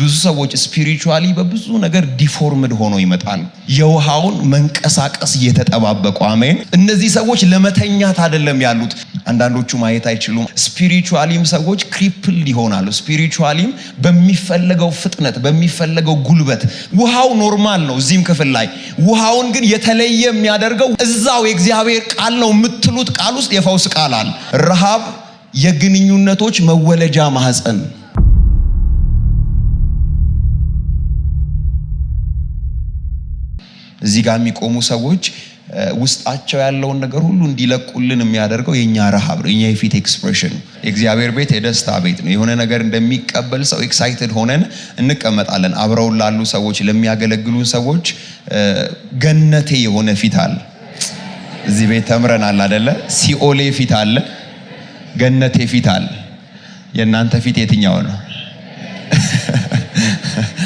ብዙ ሰዎች ስፒሪቹዋሊ በብዙ ነገር ዲፎርምድ ሆኖ ይመጣል። የውሃውን መንቀሳቀስ እየተጠባበቁ አሜን። እነዚህ ሰዎች ለመተኛት አይደለም ያሉት። አንዳንዶቹ ማየት አይችሉም። ስፒሪቹዋሊም ሰዎች ክሪፕል ይሆናሉ። ስፒሪቹዋሊም በሚፈለገው ፍጥነት በሚፈለገው ጉልበት ውሃው ኖርማል ነው እዚህም ክፍል ላይ ውሃውን ግን የተለየ የሚያደርገው እዛው የእግዚአብሔር ቃል ነው የምትሉት ቃል ውስጥ የፈውስ ቃል አለ። ረሃብ የግንኙነቶች መወለጃ ማህፀን እዚህ ጋር የሚቆሙ ሰዎች ውስጣቸው ያለውን ነገር ሁሉ እንዲለቁልን የሚያደርገው የኛ ረሃብ ነው፣ የኛ የፊት ኤክስፕሬሽን ነው። የእግዚአብሔር ቤት የደስታ ቤት ነው። የሆነ ነገር እንደሚቀበል ሰው ኤክሳይትድ ሆነን እንቀመጣለን። አብረውን ላሉ ሰዎች፣ ለሚያገለግሉን ሰዎች ገነቴ የሆነ ፊት አለ። እዚህ ቤት ተምረናል አደለ? ሲኦሌ ፊት አለ፣ ገነቴ ፊት አለ። የእናንተ ፊት የትኛው ነው?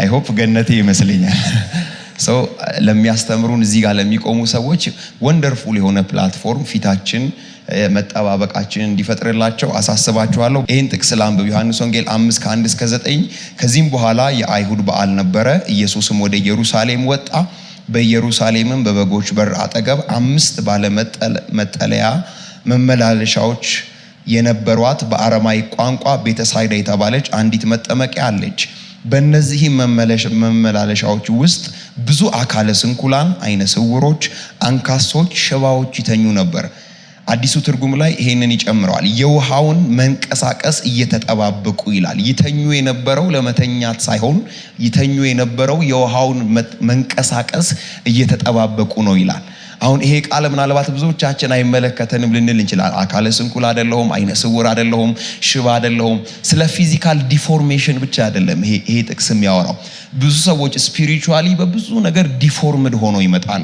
አይሆፕ ገነቴ ይመስለኛል። ሰው ለሚያስተምሩን እዚህ ጋር ለሚቆሙ ሰዎች ወንደርፉል የሆነ ፕላትፎርም ፊታችን መጠባበቃችንን እንዲፈጥርላቸው አሳስባችኋለሁ። ይህን ጥቅስ ላንብብ። ዮሐንስ ወንጌል 5 ከ እስከ 9። ከዚህም በኋላ የአይሁድ በዓል ነበረ። ኢየሱስም ወደ ኢየሩሳሌም ወጣ። በኢየሩሳሌምም በበጎች በር አጠገብ አምስት ባለ መጠለያ መመላለሻዎች የነበሯት በአረማይ ቋንቋ ቤተሳይዳ የተባለች አንዲት መጠመቂያ አለች። በእነዚህ መመላለሻዎች ውስጥ ብዙ አካለ ስንኩላን፣ አይነ ስውሮች፣ አንካሶች፣ ሽባዎች ይተኙ ነበር። አዲሱ ትርጉም ላይ ይሄንን ይጨምረዋል። የውሃውን መንቀሳቀስ እየተጠባበቁ ይላል። ይተኙ የነበረው ለመተኛት ሳይሆን ይተኙ የነበረው የውሃውን መንቀሳቀስ እየተጠባበቁ ነው ይላል። አሁን ይሄ ቃል ምናልባት ብዙዎቻችን አይመለከተንም ልንል እንችላል። አካለ ስንኩል አይደለሁም፣ አይነ ስውር አደለሁም፣ ሽባ አይደለሁም። ስለ ፊዚካል ዲፎርሜሽን ብቻ አይደለም ይሄ ጥቅስ የሚያወራው። ብዙ ሰዎች ስፒሪቹዋሊ በብዙ ነገር ዲፎርምድ ሆኖ ይመጣል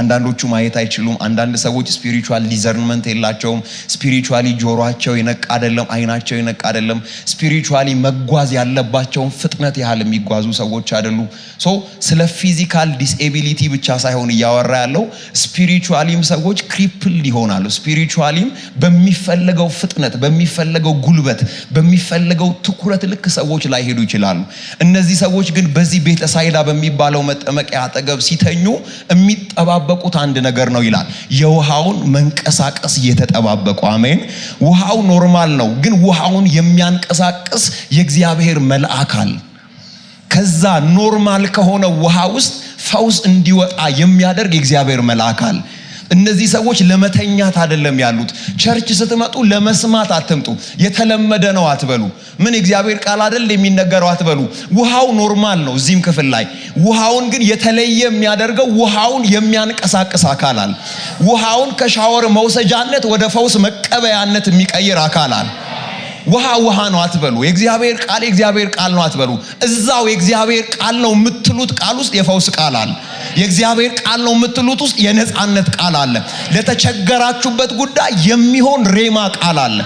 አንዳንዶቹ ማየት አይችሉም። አንዳንድ ሰዎች ስፒሪቹዋል ዲዘርንመንት የላቸውም። ስፒሪቹዋሊ ጆሮቸው የነቃ አይደለም፣ አይናቸው የነቃ አይደለም። ስፒሪቹዋሊ መጓዝ ያለባቸውን ፍጥነት ያህል የሚጓዙ ሰዎች አይደሉ። ሶ ስለ ፊዚካል ዲስኤቢሊቲ ብቻ ሳይሆን እያወራ ያለው ስፒሪቹዋሊም ሰዎች ክሪፕል ይሆናሉ። ስፒሪቹዋሊም በሚፈለገው ፍጥነት፣ በሚፈለገው ጉልበት፣ በሚፈለገው ትኩረት ልክ ሰዎች ላይ ሄዱ ይችላሉ። እነዚህ ሰዎች ግን በዚህ ቤተሳይዳ በሚባለው መጠመቂያ አጠገብ ሲተኙ የሚጠ የተጠባበቁት አንድ ነገር ነው ይላል። የውሃውን መንቀሳቀስ እየተጠባበቁ አሜን። ውሃው ኖርማል ነው፣ ግን ውሃውን የሚያንቀሳቅስ የእግዚአብሔር መልአክ አለ። ከዛ ኖርማል ከሆነ ውሃ ውስጥ ፈውስ እንዲወጣ የሚያደርግ የእግዚአብሔር መልአክ አለ። እነዚህ ሰዎች ለመተኛት አይደለም ያሉት። ቸርች ስትመጡ ለመስማት አትምጡ። የተለመደ ነው አትበሉ። ምን እግዚአብሔር ቃል አይደል የሚነገረው አትበሉ። ውሃው ኖርማል ነው እዚህም ክፍል ላይ ውሃውን ግን የተለየ የሚያደርገው ውሃውን የሚያንቀሳቅስ አካል አለ። ውሃውን ከሻወር መውሰጃነት ወደ ፈውስ መቀበያነት የሚቀይር አለ። ውሃ ውሃ ነው አትበሉ። የእግዚአብሔር ቃል የእግዚአብሔር ቃል ነው አትበሉ። እዛው የእግዚአብሔር ቃል ነው የምትሉት ቃል ውስጥ የፈውስ ቃል አለ። የእግዚአብሔር ቃል ነው የምትሉት ውስጥ የነፃነት ቃል አለ። ለተቸገራችሁበት ጉዳይ የሚሆን ሬማ ቃል አለ።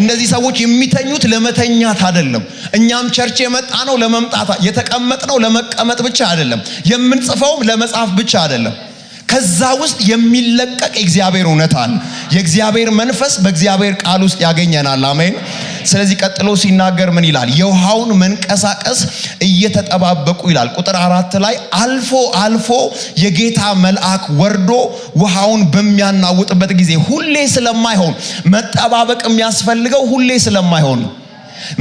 እነዚህ ሰዎች የሚተኙት ለመተኛት አይደለም። እኛም ቸርች የመጣ ነው ለመምጣት የተቀመጥነው ለመቀመጥ ብቻ አይደለም። የምንጽፈውም ለመጻፍ ብቻ አይደለም። ከዛ ውስጥ የሚለቀቅ የእግዚአብሔር እውነት አለ። የእግዚአብሔር መንፈስ በእግዚአብሔር ቃል ውስጥ ያገኘናል። አሜን። ስለዚህ ቀጥሎ ሲናገር ምን ይላል? የውሃውን መንቀሳቀስ እየተጠባበቁ ይላል። ቁጥር አራት ላይ አልፎ አልፎ የጌታ መልአክ ወርዶ ውሃውን በሚያናውጥበት ጊዜ ሁሌ ስለማይሆን መጠባበቅ የሚያስፈልገው ሁሌ ስለማይሆን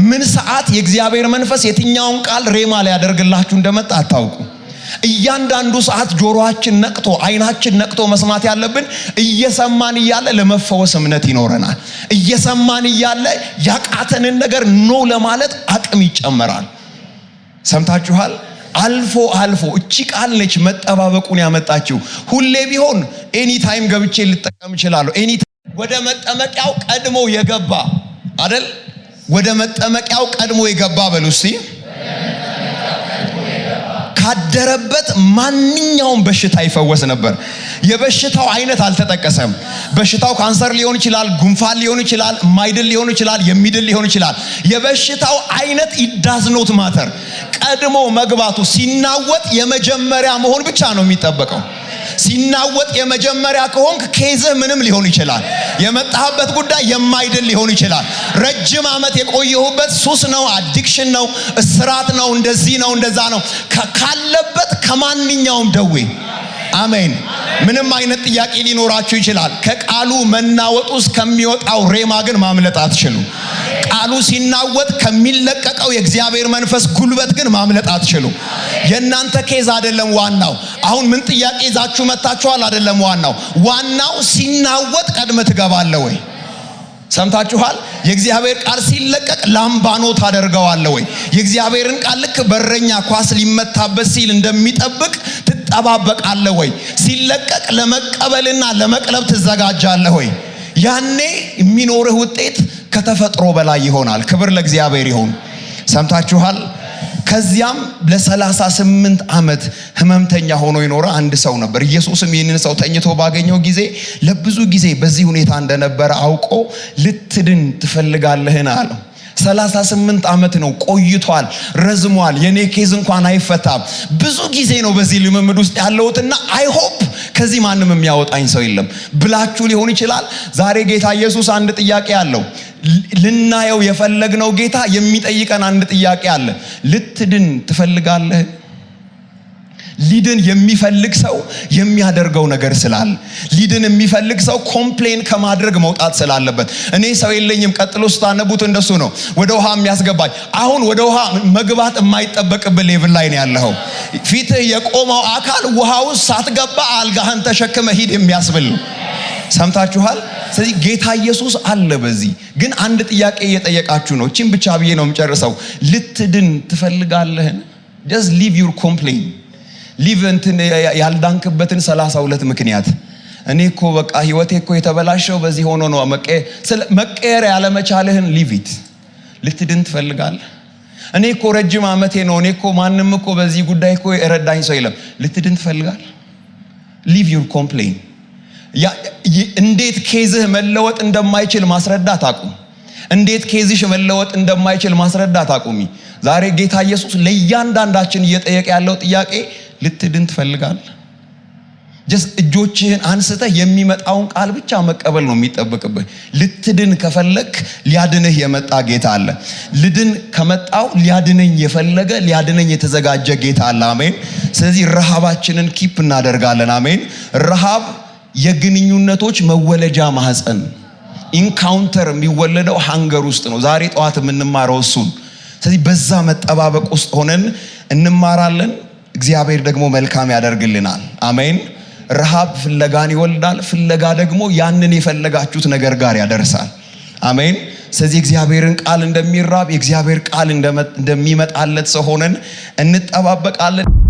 ምን ሰዓት የእግዚአብሔር መንፈስ የትኛውን ቃል ሬማ ሊያደርግላችሁ እንደመጣ አታውቁም። እያንዳንዱ ሰዓት ጆሮአችን ነቅቶ አይናችን ነቅቶ መስማት ያለብን እየሰማን እያለ ለመፈወስ እምነት ይኖረናል። እየሰማን እያለ ያቃተንን ነገር ኖ ለማለት አቅም ይጨመራል። ሰምታችኋል? አልፎ አልፎ እቺ ቃል ነች መጠባበቁን ያመጣችው። ሁሌ ቢሆን ኤኒታይም ገብቼ ልጠቀም እችላለሁ። ኤኒታይም ወደ መጠመቂያው ቀድሞ የገባ አደል? ወደ መጠመቂያው ቀድሞ የገባ በሉ እስቲ ካደረበት ማንኛውም በሽታ ይፈወስ ነበር። የበሽታው አይነት አልተጠቀሰም። በሽታው ካንሰር ሊሆን ይችላል፣ ጉንፋን ሊሆን ይችላል፣ ማይድል ሊሆን ይችላል፣ የሚድል ሊሆን ይችላል። የበሽታው አይነት ኢዳዝኖት ማተር ቀድሞ መግባቱ ሲናወጥ የመጀመሪያ መሆን ብቻ ነው የሚጠበቀው። ሲናወጥ የመጀመሪያ ከሆንክ ኬዝህ ምንም ሊሆን ይችላል። የመጣህበት ጉዳይ የማይድል ሊሆን ይችላል። ረጅም ዓመት የቆየሁበት ሱስ ነው፣ አዲክሽን ነው፣ እስራት ነው፣ እንደዚህ ነው፣ እንደዛ ነው ካለበት ከማንኛውም ደዌ አሜን። ምንም አይነት ጥያቄ ሊኖራችሁ ይችላል። ከቃሉ መናወጥ ውስጥ ከሚወጣው ሬማ ግን ማምለጥ አትችሉም። ቃሉ ሲናወጥ ከሚለቀቀው የእግዚአብሔር መንፈስ ጉልበት ግን ማምለጥ አትችሉም። የእናንተ ኬዝ አይደለም ዋናው። አሁን ምን ጥያቄ ይዛችሁ መታችኋል አይደለም ዋናው። ዋናው ሲናወጥ ቀድመ ትገባለ ወይ? ሰምታችኋል። የእግዚአብሔር ቃል ሲለቀቅ ላምባኖ ታደርገዋለ ወይ? የእግዚአብሔርን ቃል ልክ በረኛ ኳስ ሊመታበት ሲል እንደሚጠብቅ ትጠባበቃለህ ወይ? ሲለቀቅ ለመቀበልና ለመቅለብ ትዘጋጃለህ ወይ? ያኔ የሚኖርህ ውጤት ከተፈጥሮ በላይ ይሆናል። ክብር ለእግዚአብሔር ይሁን። ሰምታችኋል። ከዚያም ለሰላሳ 38 ዓመት ህመምተኛ ሆኖ የኖረ አንድ ሰው ነበር። ኢየሱስም ይህንን ሰው ተኝቶ ባገኘው ጊዜ ለብዙ ጊዜ በዚህ ሁኔታ እንደነበረ አውቆ ልትድን ትፈልጋለህን አለው። 38 ዓመት ነው ቆይቷል፣ ረዝሟል። የኔ ኬዝ እንኳን አይፈታም። ብዙ ጊዜ ነው በዚህ ልምምድ ውስጥ ያለሁትና አይሆፕ ከዚህ ማንም የሚያወጣኝ ሰው የለም ብላችሁ ሊሆን ይችላል። ዛሬ ጌታ ኢየሱስ አንድ ጥያቄ አለው። ልናየው የፈለግነው ጌታ የሚጠይቀን አንድ ጥያቄ አለ። ልትድን ትፈልጋለህ? ሊድን የሚፈልግ ሰው የሚያደርገው ነገር ስላለ ሊድን የሚፈልግ ሰው ኮምፕሌን ከማድረግ መውጣት ስላለበት እኔ ሰው የለኝም። ቀጥሎ ስታነቡት እንደሱ ነው። ወደ ውሃ የሚያስገባኝ አሁን ወደ ውሃ መግባት የማይጠበቅብን ሌቭል ላይ ነው ያለኸው። ፊትህ የቆመው አካል ውሃ ውስጥ ሳትገባ አልጋህን ተሸክመ ሂድ የሚያስብል ሰምታችኋል። ስለዚህ ጌታ ኢየሱስ አለ። በዚህ ግን አንድ ጥያቄ እየጠየቃችሁ ነው። እቺን ብቻ ብዬ ነው የምጨርሰው። ልትድን ትፈልጋለህን? ጀስት ሊቭ ዩር ኮምፕሌን ሊቭ እንትን ያልዳንክበትን ሰላሳ ሁለት ምክንያት እኔ እኮ በቃ ህይወቴ እኮ የተበላሸው በዚህ ሆኖ ነው። መቀየር ያለመቻልህን ሊቪት ልትድን ትፈልጋለህ? እኔ እኮ ረጅም ዓመቴ ነው። እኔ እኮ ማንም እኮ በዚህ ጉዳይ እኮ የረዳኝ ሰው የለም። ልትድን ትፈልጋለህ? ሊቭ ዩር ኮምፕሌን እንዴት ኬዝህ መለወጥ እንደማይችል ማስረዳት አቁም። እንዴት ኬዝሽ መለወጥ እንደማይችል ማስረዳት አቁሚ። ዛሬ ጌታ ኢየሱስ ለእያንዳንዳችን እየጠየቀ ያለው ጥያቄ ልትድን ትፈልጋል ጀስ እጆችህን አንስተህ የሚመጣውን ቃል ብቻ መቀበል ነው የሚጠበቅብህ። ልትድን ከፈለክ ሊያድንህ የመጣ ጌታ አለ። ልድን ከመጣው ሊያድነኝ የፈለገ ሊያድነኝ የተዘጋጀ ጌታ አለ። አሜን። ስለዚህ ረሃባችንን ኪፕ እናደርጋለን። አሜን ረሃብ የግንኙነቶች መወለጃ ማህፀን ኢንካውንተር የሚወለደው ሃንገር ውስጥ ነው። ዛሬ ጠዋት የምንማረው እሱን። ስለዚህ በዛ መጠባበቅ ውስጥ ሆነን እንማራለን። እግዚአብሔር ደግሞ መልካም ያደርግልናል። አሜን። ረሃብ ፍለጋን ይወልዳል። ፍለጋ ደግሞ ያንን የፈለጋችሁት ነገር ጋር ያደርሳል። አሜን። ስለዚህ እግዚአብሔርን ቃል እንደሚራብ የእግዚአብሔር ቃል እንደሚመጣለት ሰው ሆነን እንጠባበቃለን።